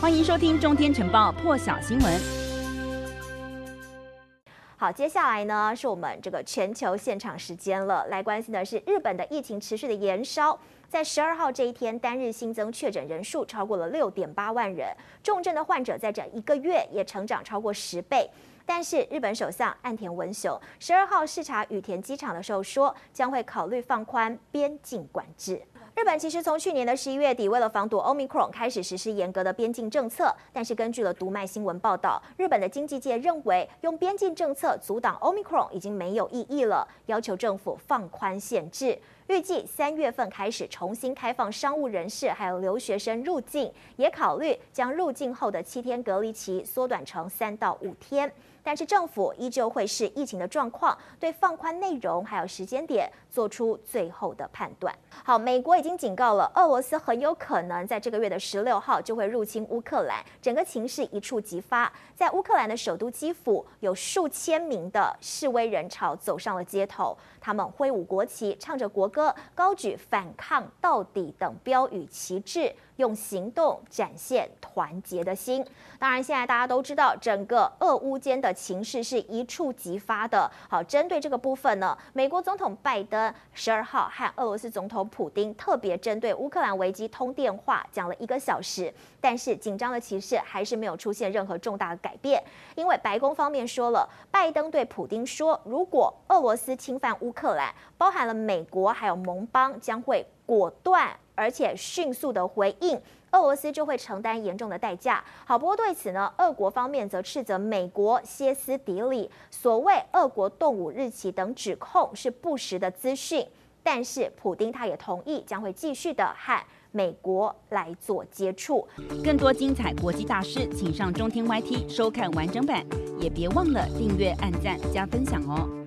歡迎收聽《中天晨報》破曉新聞。好，接下來呢是我們這個全球現場時間了，來關心的是日本的疫情持續的延燒。在十二號這一天，單日新增確診人數超過了六點八萬人，重症的患者在這一個月也成長超過十倍。但是，日本首相岸田文雄十二號視察羽田機場的時候說，將會考慮放寬邊境管制。日本其實從去年的十一月底，為了防堵歐米克 c 開始實施嚴格的邊境政策。但是，根據了讀賣新聞報道，日本的經濟界認為用邊境政策阻擋歐米克 c 已經沒有意義了，要求政府放寬限制。預計三月份開始重新開放商務人士還有留學生入境，也考慮將入境後的七天隔離期縮短成三到五天。但是政府依舊會視疫情的狀況，對放寬內容還有時間點做出最後的判斷。好，美國已經警告了，俄羅斯很有可能在這個月的十六號就會入侵烏克蘭，整個情勢一觸即發。在烏克蘭的首都基輔，有數千名的示威人潮走上了街頭，他們揮舞國旗，唱着國歌。高舉反抗到底等標語旗幟，用行動展現團結的心。當然，現在大家都知道，整個俄烏間的情勢是一觸即發的。好，針對這個部分呢，美國總統拜登十二號和俄羅斯總統普丁特別針對烏克蘭危機通電話，講了一個小時，但是緊張的局勢還是沒有出現任何重大的改變。因為白宮方面說了，拜登對普丁說，如果俄羅斯侵犯烏克蘭，包含了美國還。盟邦將會果斷而且迅速的回應，俄羅斯就會承擔嚴重的代價。好，不過對此呢，俄國方面則斥責美國歇斯底里，所謂俄國動武日期等指控是不實的資訊。但是，普丁他也同意將會繼續的和美國來做接觸。更多精彩國際大事，請上中天 YT 收看完整版，也別忘了訂閱、按讚、加分享哦。